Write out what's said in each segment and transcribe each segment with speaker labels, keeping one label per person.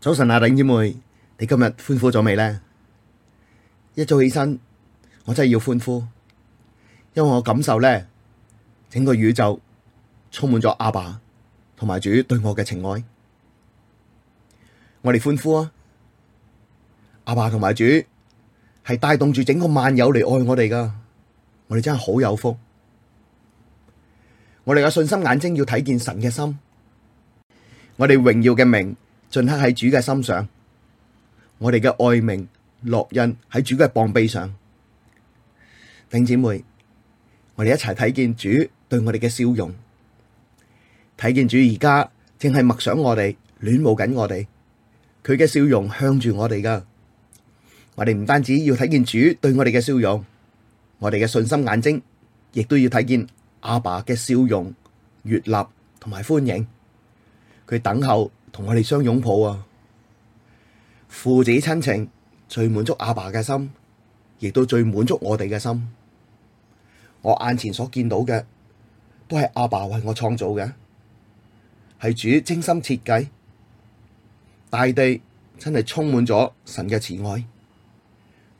Speaker 1: 早晨啊，頂姐妹，你今日歡呼咗未咧？一早起身，我真係要歡呼，因為我感受咧，整個宇宙充滿咗阿爸同埋主對我嘅情愛。我哋歡呼啊！阿爸同埋主係帶動住整個萬有嚟愛我哋噶，我哋真係好有福。我哋有信心眼睛要睇見神嘅心，我哋榮耀嘅名。鐫刻喺主嘅心上，我哋嘅愛名烙印喺主嘅膀臂上，弟兄姊妹，我哋一齊睇見主對我哋嘅笑容，睇見主而家正係默想我哋，戀慕緊我哋，佢嘅笑容向住我哋㗎。我哋唔單止要睇見主對我哋嘅笑容，我哋嘅信心眼睛亦都要睇見阿爸嘅笑容、悅納同埋歡迎，佢等候。同我哋相擁抱啊！父子親情最滿足阿爸嘅心，亦都最滿足我哋嘅心。我眼前所見到嘅，
Speaker 2: 都係阿爸為我創造嘅，係主精心設計。大地真係充滿咗神嘅慈愛，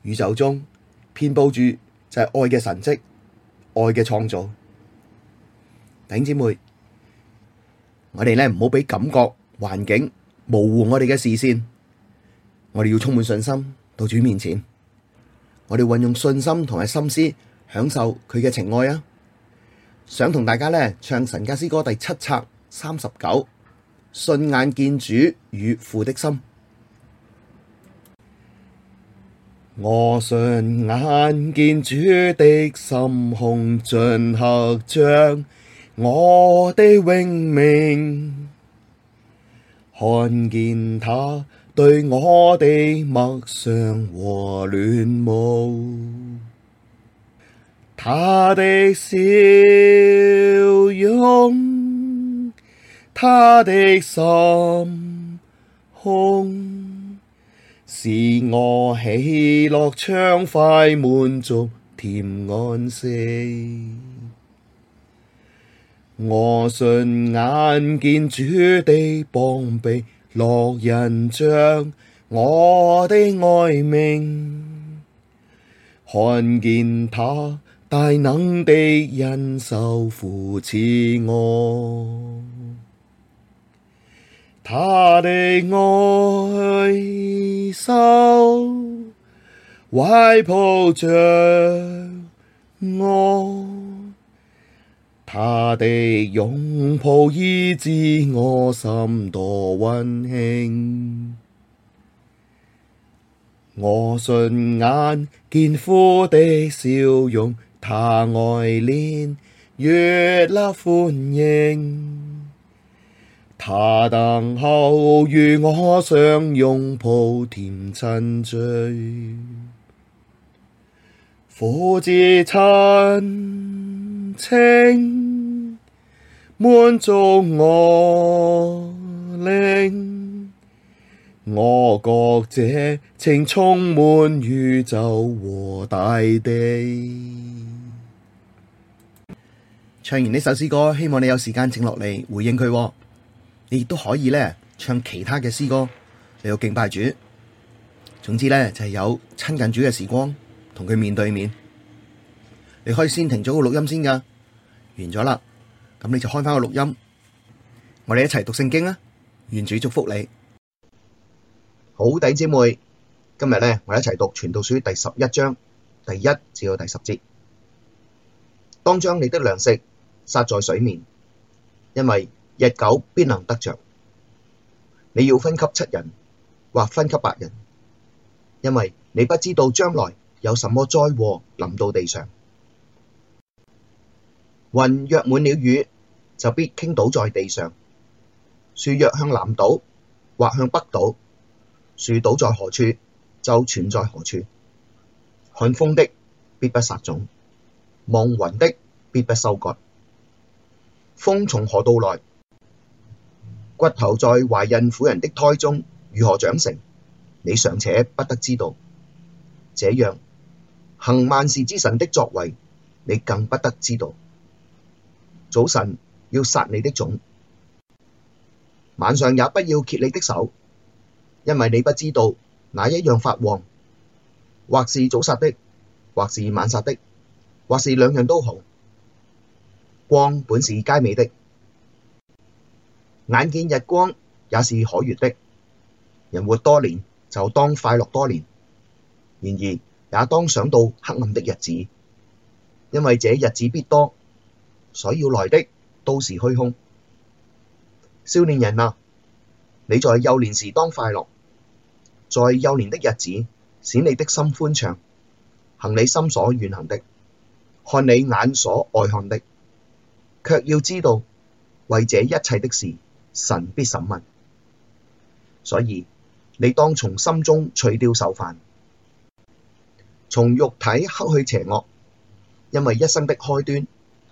Speaker 2: 宇
Speaker 1: 宙中遍佈住就係愛嘅神蹟，愛嘅創造。弟兄姊妹，我哋咧唔好俾感覺。環境模糊我哋嘅視線，我哋要充滿信心到主面前，我哋運用信心同埋心思享受佢嘅情愛啊！想同大家呢唱《神家詩歌》第七冊三十九，信眼見主
Speaker 2: 與父的心，我信眼見主的心胸，鐫刻著我的榮名。看見他對我哋默想和戀慕，他的笑容，他的心胸，使我喜樂暢快滿足甜安息。我信眼見主的膀臂，烙印著我的愛名，看見他大能的恩手扶持我，他的愛手懷抱着我。他的擁抱醫治我心，多溫馨，我信眼見父的笑容，他愛憐，悅納，歡迎，他等候與我相擁抱甜親咀親咀，父子親。情滿足我靈，我覺這情充滿宇宙和大地。唱
Speaker 1: 完呢首詩歌，希望你有時間靜落嚟回應佢。你亦都可以咧唱其他嘅詩歌，你有敬拜主。總之咧就係、是、有親近主嘅時光，同佢面對面。你可以先停咗個錄音先噶。完咗啦，咁你就開翻個錄音，我哋一齊讀聖經啊！願主祝福你，好弟姐妹，今日咧我哋一齊讀傳道書第十一章第一至到第十節。當將你的糧食撒在水面，因為日久必能得着。你要分給七人，或分給八人，因為你不知道將來有什麼災禍臨到地上。雲若滿了雨，就必傾倒在地上；樹若向南倒，或向北倒，樹倒在何處，就存在何處。看風的必不撒種，望雲的必不收割。風從何道來？骨頭在懷孕婦人的胎中如何長成？你尚且不得知道，這樣行萬事之神的作為，你更不得知道。早晨要撒你的種，晚上也不要歇你的手，因為你不知道哪一樣發旺，或是早撒的，或是晚撒的，或是兩樣都好。光本是佳美的，眼見日光也是可悅的。人活多年，就當快樂多年，然而也當想到黑暗的日子，因為這日子必多。所要來的都是虛空。少年人啊，你在幼年時當快樂，在幼年的日子使你的心歡暢，行你心所願行的，看你眼所愛看的，卻要知道為這一切的事，神必審問。所以你當從心中除掉愁煩，從肉體克去邪惡，因為一生的開端。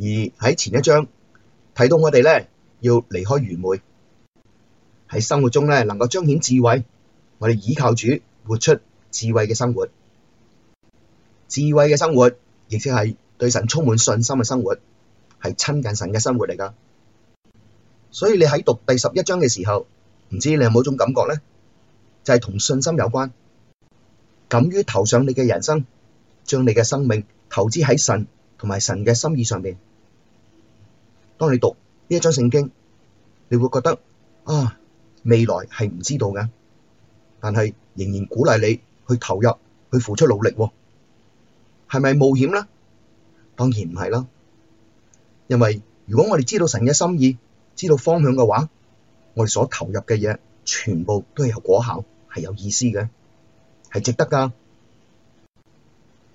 Speaker 1: 而喺前一章睇到我哋咧，要離開愚昧，喺生活中咧能夠彰顯智慧，我哋倚靠主活出智慧嘅生活。智慧嘅生活，亦即係對神充滿信心嘅生活，係親近神嘅生活嚟㗎。所以你喺讀第十一章嘅時候，唔知你有冇種感覺咧，就係同信心有關，敢於投上你嘅人生，將你嘅生命投資喺神同埋神嘅心意上邊。當你讀呢一章聖經，你會覺得啊，未來係唔知道嘅，但係仍然鼓勵你去投入、去付出努力喎、哦。係咪冒險咧？當然唔係啦，因為如果我哋知道神嘅心意、知道方向嘅話，我哋所投入嘅嘢全部都係有果效，係有意思嘅，係值得噶。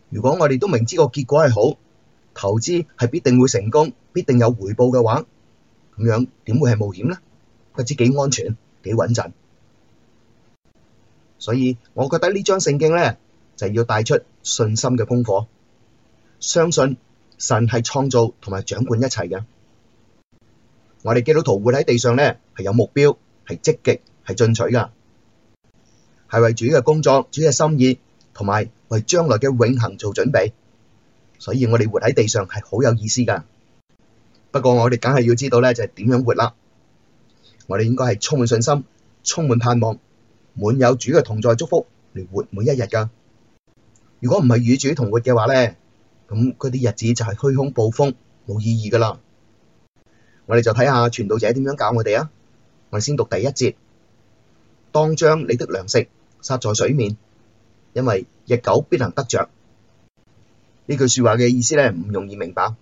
Speaker 1: 如果我哋都明知個結果係好。投資係必定會成功，必定有回報嘅話，咁樣點會係冒險呢？不知幾安全幾穩陣。所以我覺得呢張聖經咧，就要帶出信心嘅功課，相信神係創造同埋掌管一切嘅。我哋基督徒活喺地上咧，係有目標，係積極，係進取噶，係為主嘅工作、主嘅心意同埋為將來嘅永恆做準備。所以我哋活喺地上係好有意思噶，不過我哋梗係要知道咧，就係、是、點樣活啦。我哋應該係充滿信心、充滿盼望、滿有主嘅同在祝福嚟活每一日噶。如果唔係與主同活嘅話咧，咁嗰啲日子就係虛空暴風，冇意義噶啦。我哋就睇下傳道者點樣教我哋啊！我哋先讀第一節：當將你的糧食撒在水面，因為日久必能得着。呢句説話嘅意思咧，唔容易明白，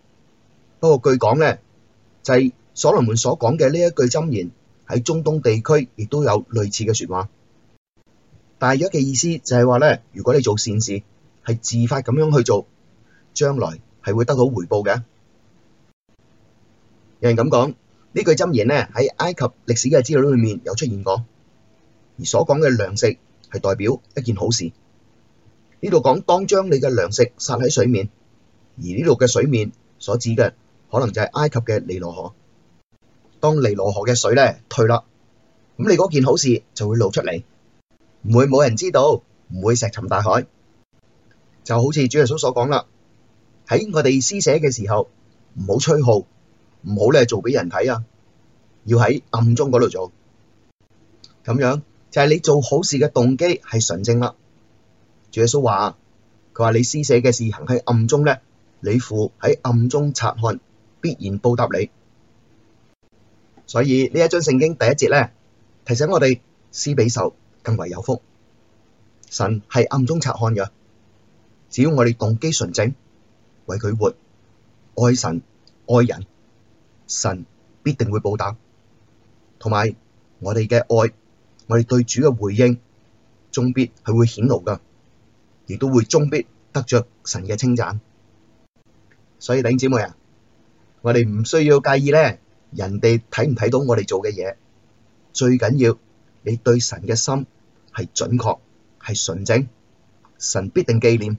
Speaker 1: 不過據講咧，就係所羅門所講嘅呢一句箴言，喺中東地區亦都有類似嘅説話。大約嘅意思就係話咧，如果你做善事係自發咁樣去做，將來係會得到回報嘅。有人咁講呢句箴言咧，喺埃及歷史嘅資料裏面有出現過，而所講嘅糧食係代表一件好事。呢度講當將你嘅糧食撒喺水面，而呢度嘅水面所指嘅可能就係埃及嘅尼羅河。當尼羅河嘅水咧退啦，咁你嗰件好事就會露出嚟，唔會冇人知道，唔會石沉大海。就好似主耶穌所講啦，喺我哋施捨嘅時候，唔好吹號，唔好咧做俾人睇啊，要喺暗中嗰度做，咁樣就係你做好事嘅動機係純正啦。主耶穌話：佢話你施捨嘅事行喺暗中咧，你父喺暗中察看，必然報答你。所以呢一章聖經第一節咧，提醒我哋施比受更為有福。神係暗中察看嘅，只要我哋動機純正，為佢活，愛神愛人，神必定會報答。同埋我哋嘅愛，我哋對主嘅回應，終必係會顯露噶。亦都會終必得着神嘅稱讚，所以弟兄姊妹啊，我哋唔需要介意咧，人哋睇唔睇到我哋做嘅嘢，最緊要你對神嘅心係準確，係純正，神必定紀念。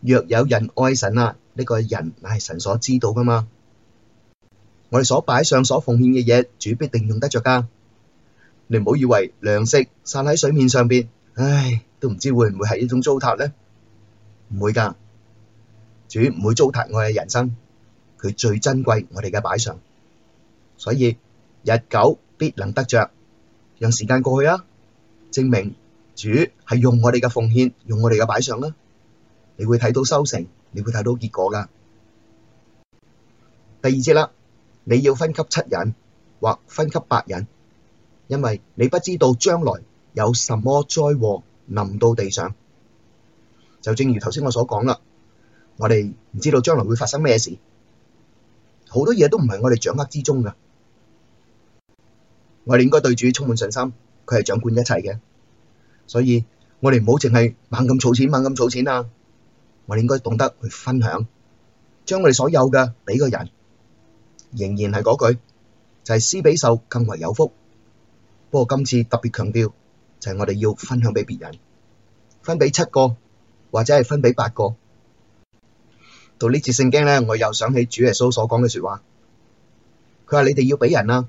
Speaker 1: 若有人愛神啊，呢、這個人乃係神所知道噶嘛，我哋所擺上所奉獻嘅嘢，主必定用得着噶。你唔好以為糧食散喺水面上邊。唉，都唔知會唔會係呢種糟蹋呢？唔會噶，主唔會糟蹋我嘅人生，佢最珍貴我哋嘅擺上，所以日久必能得着。讓時間過去啊，證明主係用我哋嘅奉獻，用我哋嘅擺上啦。你會睇到收成，你會睇到結果噶。第二節啦，你要分給七人或分給八人，因為你不知道將來。有什麼災禍臨到地上，就正如頭先我所講啦，我哋唔知道將來會發生咩事，好多嘢都唔係我哋掌握之中㗎，我哋應該對主充滿信心，佢係掌管一切嘅，所以我哋唔好淨係猛咁儲錢，猛咁儲錢啊！我哋應該懂得去分享，將我哋所有嘅畀個人，仍然係嗰句，就係、是、施比受更為有福，不過今次特別強調。就係我哋要分享俾別人，分俾七個或者係分俾八個。到呢次聖經咧，我又想起主耶穌所講嘅説話，佢話：你哋要俾人啊，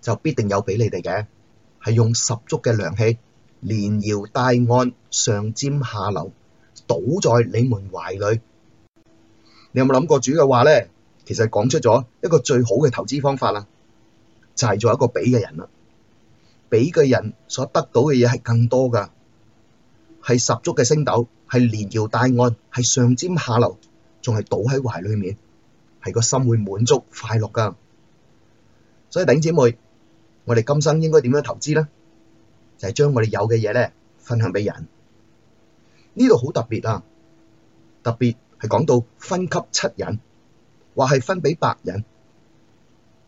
Speaker 1: 就必定有俾你哋嘅，係用十足嘅良氣，連搖帶按，上尖下流，倒在你們懷裡。你有冇諗過主嘅話咧？其實講出咗一個最好嘅投資方法啦，就係做一個俾嘅人啦。俾嘅人所得到嘅嘢係更多噶，係十足嘅升斗，係連搖帶按，係上尖下流，仲係倒喺懷裏面，係個心會滿足快樂噶。所以弟姐妹，我哋今生應該點樣投資咧？就係、是、將我哋有嘅嘢咧分享俾人。呢度好特別啊！特別係講到分給七人，或係分俾八人，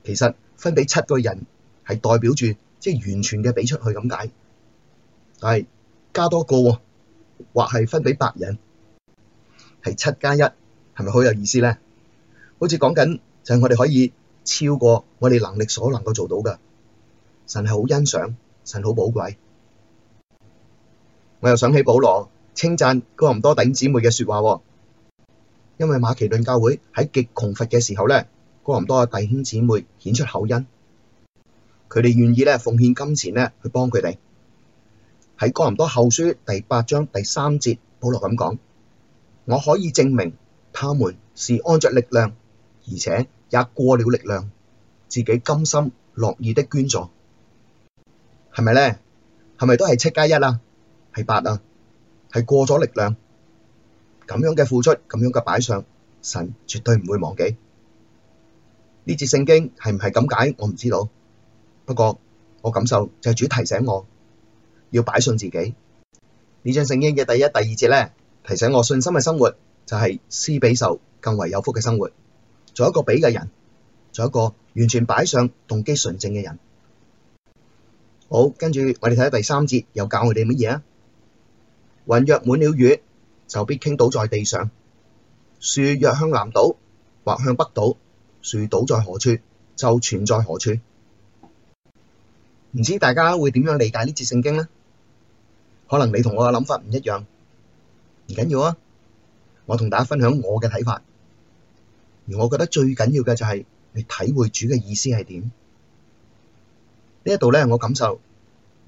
Speaker 1: 其實分俾七個人係代表住。即係完全嘅俾出去咁解，但係加多個，或係分俾八人，係七加一，係咪好有意思咧？好似講緊就係、是、我哋可以超過我哋能力所能夠做到噶，神係好欣賞，神好寶貴。我又想起保羅稱讚哥林多弟兄姊妹嘅説話，因為馬其頓教會喺極窮乏嘅時候咧，哥林多嘅弟兄姊妹顯出厚恩。佢哋願意咧，奉獻金錢咧去幫佢哋。喺《哥林多後書》第八章第三節，保羅咁講：我可以證明，他們是按著力量，而且也過了力量，自己甘心樂意的捐助，係咪咧？係咪都係七加一啊？係八啊？係過咗力量，咁樣嘅付出，咁樣嘅擺上，神絕對唔會忘記。呢節聖經係唔係咁解？我唔知道。不過我感受就係主提醒我要擺信自己呢張聖經嘅第一、第二節咧，提醒我信心嘅生活就係、是、施比受更為有福嘅生活，做一個比嘅人，做一個完全擺上動機純正嘅人。好，跟住我哋睇第三節又教我哋乜嘢啊？雲若滿了雨，就必傾倒在地上；樹若向南倒或向北倒，樹倒在何處，就存在何處。唔知大家會點樣理解呢節聖經呢？可能你同我嘅諗法唔一樣，唔緊要啊。我同大家分享我嘅睇法，而我覺得最緊要嘅就係、是、你體會主嘅意思係點呢？呢度咧，我感受，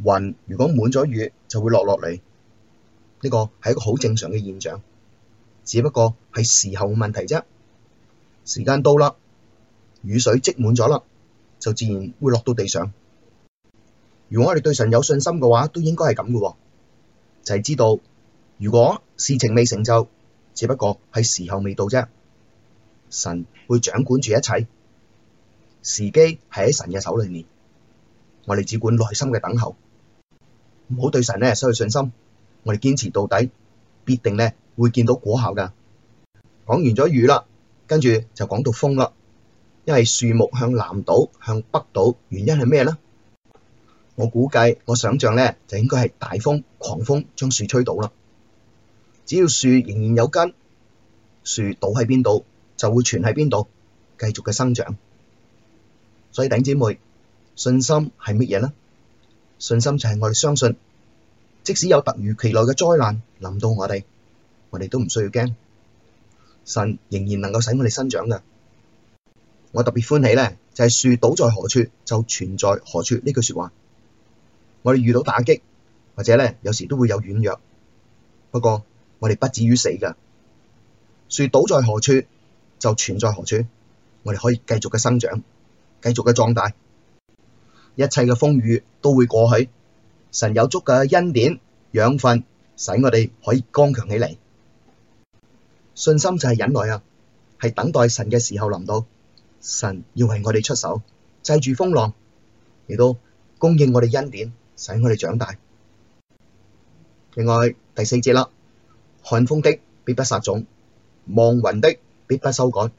Speaker 1: 雲如果滿咗雨就會落落嚟，呢個係一個好正常嘅現象，只不過係時候嘅問題啫。時間到啦，雨水積滿咗啦，就自然會落到地上。如果我哋對神有信心嘅話，都應該係咁噶，就係、是、知道如果事情未成就，只不過係時候未到啫。神會掌管住一切，時機係喺神嘅手裏面，我哋只管內心嘅等候，唔好對神咧失去信心。我哋堅持到底，必定咧會見到果效噶。講完咗雨啦，跟住就講到風啦，因為樹木向南倒，向北倒，原因係咩咧？我估計，我想象咧就應該係大風狂風將樹吹倒啦。只要樹仍然有根，樹倒喺邊度就會存喺邊度，繼續嘅生長。所以頂姐妹信心係乜嘢咧？信心就係我哋相信，即使有突如其來嘅災難臨到我哋，我哋都唔需要驚，神仍然能夠使我哋生長嘅。我特別歡喜咧，就係樹倒在何處就存在何處呢句說話。我哋遇到打擊，或者咧有時都會有軟弱。不過我哋不至於死噶，樹倒在何處就存在何處，我哋可以繼續嘅生長，繼續嘅壯大。一切嘅風雨都會過去，神有足夠嘅恩典養分，使我哋可以剛強起嚟。信心就係忍耐啊，係等待神嘅時候臨到，神要為我哋出手，制住風浪，亦都供應我哋恩典。使我哋長大。另外第四節啦，看風的必不撒種，望雲的必不收割。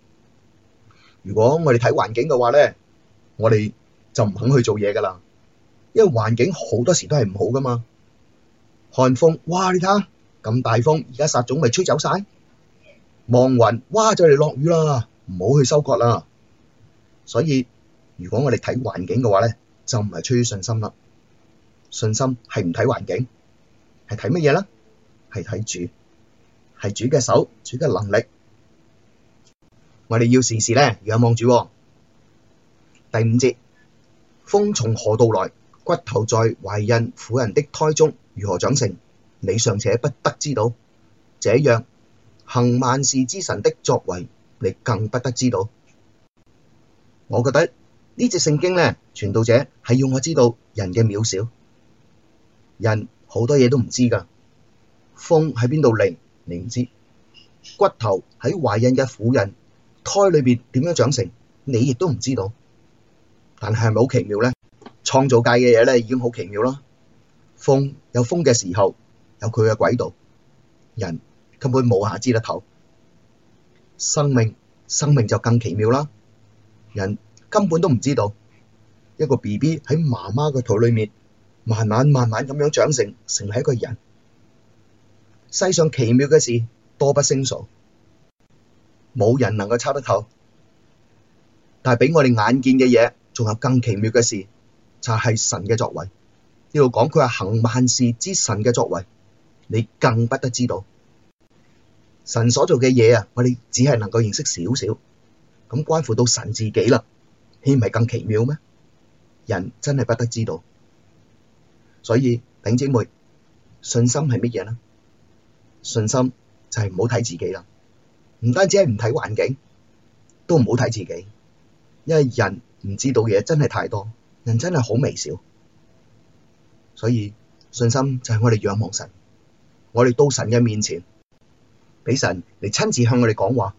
Speaker 1: 如果我哋睇環境嘅話咧，我哋就唔肯去做嘢噶啦，因為環境好多時都係唔好噶嘛。看風，哇！你睇下咁大風，而家撒種咪吹走晒。望雲，哇！就嚟落雨啦，唔好去收割啦。所以如果我哋睇環境嘅話咧，就唔係出於信心啦。信心係唔睇環境，係睇乜嘢呢？係睇主，係主嘅手，主嘅能力。我哋要時時咧仰望主喔。第五節：風從何道來？骨頭在懷孕婦人的胎中，如何長成？你尚且不得知道，這樣行萬事之神的作為，你更不得知道。我覺得呢隻聖經咧，傳道者係要我知道人嘅渺小。人好多嘢都唔知噶，風喺邊度嚟，你唔知；骨頭喺懷孕嘅婦人，胎裏邊點樣長成，你亦都唔知道。但係係咪好奇妙咧？創造界嘅嘢咧，已經好奇妙啦。風有風嘅時候，有佢嘅軌道。人根本冇下知得頭。生命，生命就更奇妙啦。人根本都唔知道，一個 BB 喺媽媽嘅肚裏面慢慢慢慢咁樣長成，成為一個人。世上奇妙嘅事多不勝數，冇人能夠猜得透。但係俾我哋眼見嘅嘢，仲有更奇妙嘅事，就係神嘅作為。呢度講佢係行萬事之神嘅作為，你更不得知道。神所做嘅嘢啊，我哋只係能夠認識少少，咁關乎到神自己啦，豈唔係更奇妙咩？人真係不得知道。所以，頂姐妹，信心係乜嘢呢？信心就係唔好睇自己啦，唔單止係唔睇環境，都唔好睇自己，因為人唔知道嘅嘢真係太多，人真係好微小。所以，信心就係我哋仰望神，我哋到神嘅面前，俾神嚟親自向我哋講話，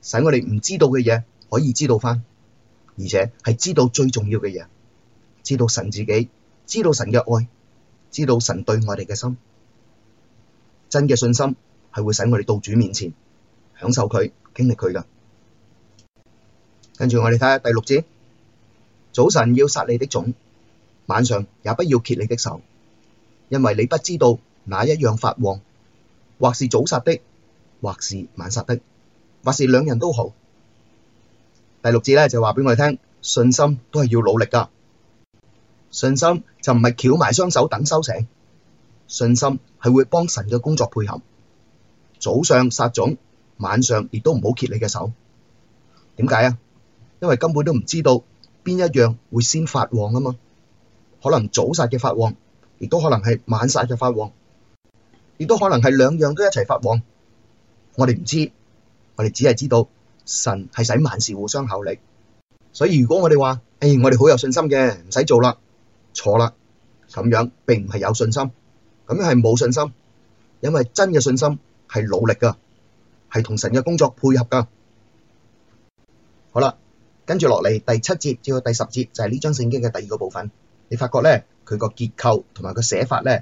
Speaker 1: 使我哋唔知道嘅嘢可以知道返，而且係知道最重要嘅嘢，知道神自己。知道神嘅愛，知道神對我哋嘅心，真嘅信心係會使我哋到主面前享受佢經歷佢噶。跟住我哋睇下第六節，早晨要撒你的種，晚上也不要歇你的手，因為你不知道哪一樣發旺，或是早撒的，或是晚撒的，或是兩樣都好。第六節咧就話畀我哋聽，信心都係要努力噶。信心就唔係翹埋雙手等收成，信心係會幫神嘅工作配合。早上撒種，晚上亦都唔好歇你嘅手。點解啊？因為根本都唔知道邊一樣會先發旺啊嘛。可能早撒嘅發旺，亦都可能係晚撒嘅發旺，亦都可能係兩樣都一齊發旺。我哋唔知，我哋只係知道神係使萬事互相效力。所以如果我哋話，誒、哎，我哋好有信心嘅，唔使做啦。錯啦，咁樣並唔係有信心，咁樣係冇信心。因為真嘅信心係努力噶，係同神嘅工作配合噶。好啦，跟住落嚟第七節至到第十節就係呢章聖經嘅第二個部分。你發覺呢，佢個結構同埋個寫法呢，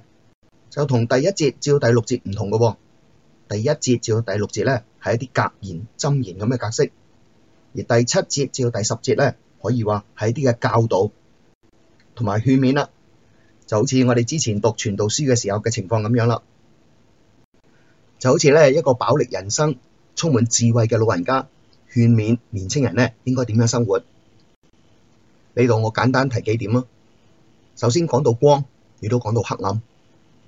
Speaker 1: 就同第一節至到第六節唔同噶。第一節至到第六節呢，係一啲格言、箴言咁嘅格式，而第七節至到第十節呢，可以話係一啲嘅教導。同埋勸勉啦，就好似我哋之前讀傳道書嘅時候嘅情況咁樣啦，就好似咧一個飽歷人生、充滿智慧嘅老人家勸勉年青人咧應該點樣生活。呢度我簡單提幾點咯。首先講到光，亦都講到黑暗。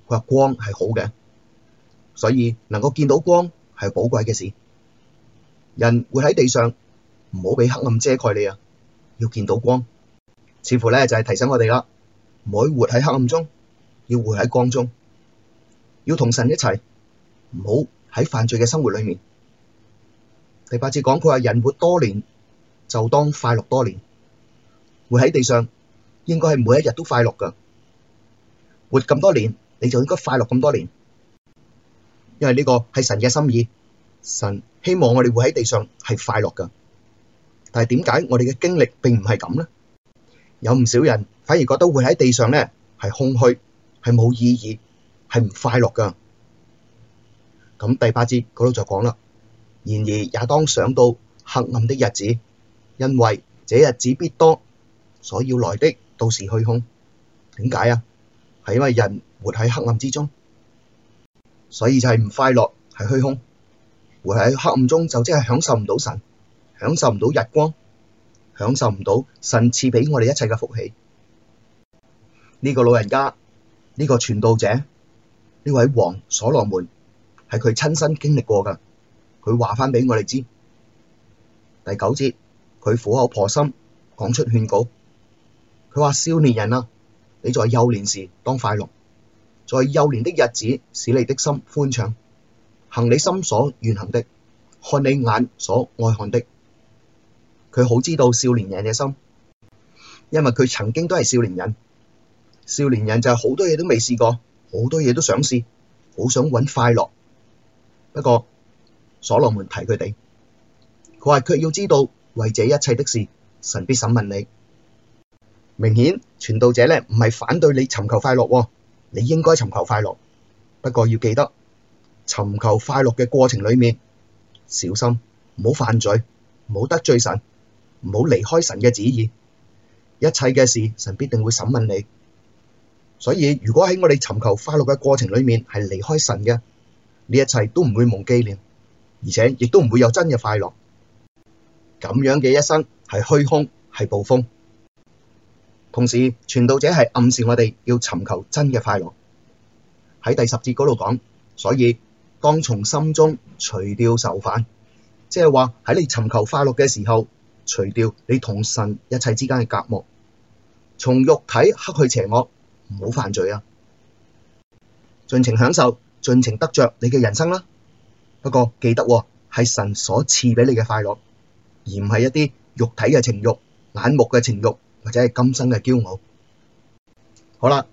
Speaker 1: 佢話光係好嘅，所以能夠見到光係寶貴嘅事。人活喺地上，唔好俾黑暗遮蓋你啊，要見到光。似乎咧就係提醒我哋啦，唔好活喺黑暗中，要活喺光中，要同神一齊，唔好喺犯罪嘅生活裏面。第八節講佢話人活多年，就當快樂多年。活喺地上，應該係每一日都快樂噶。活咁多年，你就應該快樂咁多年，因為呢個係神嘅心意，神希望我哋活喺地上係快樂噶。但係點解我哋嘅經歷並唔係咁咧？有唔少人反而覺得活喺地上咧係空虛，係冇意義，係唔快樂噶。咁第八節嗰度就講啦。然而也當想到黑暗的日子，因為這日子必多，所要來的，都是虛空。點解啊？係因為人活喺黑暗之中，所以就係唔快樂，係虛空。活喺黑暗中就即係享受唔到神，享受唔到日光。享受唔到神賜俾我哋一切嘅福氣。呢個老人家，呢個傳道者，呢位王所羅門，係佢親身經歷過噶。佢話返俾我哋知，第九節，佢苦口婆心講出勸告。佢話：少年人啊，你在幼年時當快樂，在幼年的日子使你的心歡暢，行你心所願行的，看你眼所愛看的。佢好知道少年人嘅心，因為佢曾經都係少年人。少年人就係好多嘢都未試過，好多嘢都想試，好想搵快樂。不過所羅門提佢哋，佢話佢要知道為這一切的事，神必審問你。明顯傳道者咧唔係反對你尋求快樂，哦，你應該尋求快樂。不過要記得，尋求快樂嘅過程裏面，小心唔好犯罪，唔好得罪神。唔好離開神嘅旨意，一切嘅事神必定會審問你。所以如果喺我哋尋求快樂嘅過程裏面係離開神嘅，呢一切都唔會忘記，而且亦都唔會有真嘅快樂。咁樣嘅一生係虛空，係捕風。同時，傳道者係暗示我哋要尋求真嘅快樂。喺第十節嗰度講，所以當從心中除掉愁煩，即係話喺你尋求快樂嘅時候。除掉你同神一切之間嘅隔膜，從肉體剋去邪惡，唔好犯罪啊！盡情享受，盡情得着你嘅人生啦。不過記得喎，係神所賜畀你嘅快樂，而唔係一啲肉體嘅情欲、眼目嘅情欲，或者係今生嘅驕傲。好啦，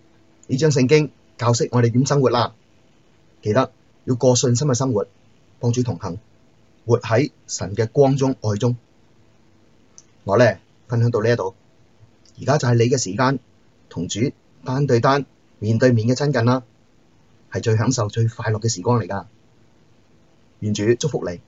Speaker 1: 呢章聖經教識我哋點生活啦。記得要過信心嘅生活，幫主同行，活喺神嘅光中愛中。我咧分享到呢一度，而家就係你嘅時間同主單對單、面對面嘅親近啦，係最享受、最快樂嘅時光嚟㗎。願主祝福你。